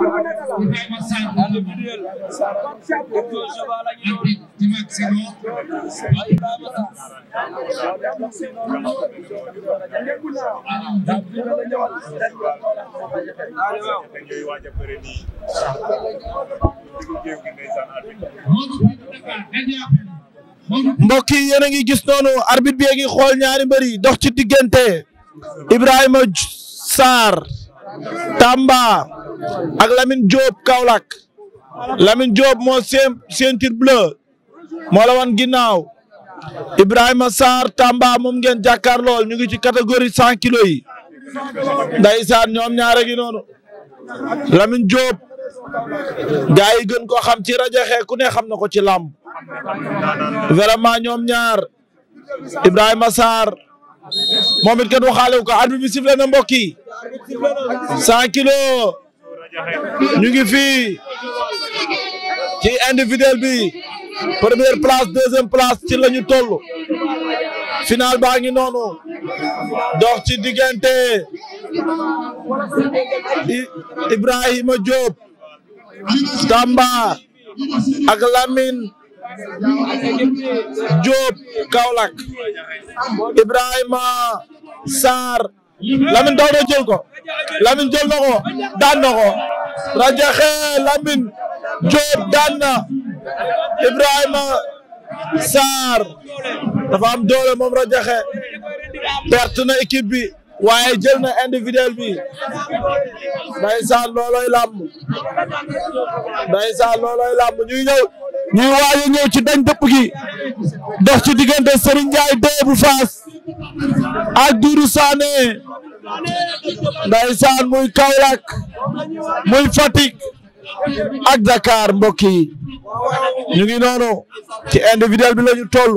Ibrahima Sarr ngi mbokk yi yéen a ngi gis noonu arbitre bi ngi xool ñaari mbëri dox ci diggante Ibrahima Sarr Tamba ak Lamine Diop Kaolack Lamine Diop moo ceinture bleu moo la wan ginnaaw Ibrahima Sarr Tamba moom ngeen jàkkaar lool ñu ngi ci catégorie cent kilos yi ndeysaan ñoom ñaare gi noonu Lamine Diop gaa yi gën koo xam ci rajo xee ku ne xam na ko ci làmb vraiment ñoom ñaar Ibrahima Sarr moom it kenn waxaale ko arbitre bi sifle na mbokk yi cent ñu ngi fii ci individuel bi première place deuxième place ci lañu ñu toll baa ngi noonu dox ci diggante Ibrahima Diop Tamba ak Lamine Diop Kaolack Ibrahima Sarr Lamine daw na ko Lamine jël na daan na Radiakhé Lamine Diop daan na Ibrahima Sarr dafa am doole moom Radiakhé perte na équipe bi waaye jël na individuel bi ndeysaan looloy làmb ndeysaan looloy làmb ñuy ñëw ñuy waaye ñëw ci dañ dëpp gi dox ci diggante Serigne Ndiaye bu Fass ak Doudou ndaysaan muy Kaolack muy Fatick ak Dakar mbokk yi ñu ngi noonu ci individuel bi la ñu toll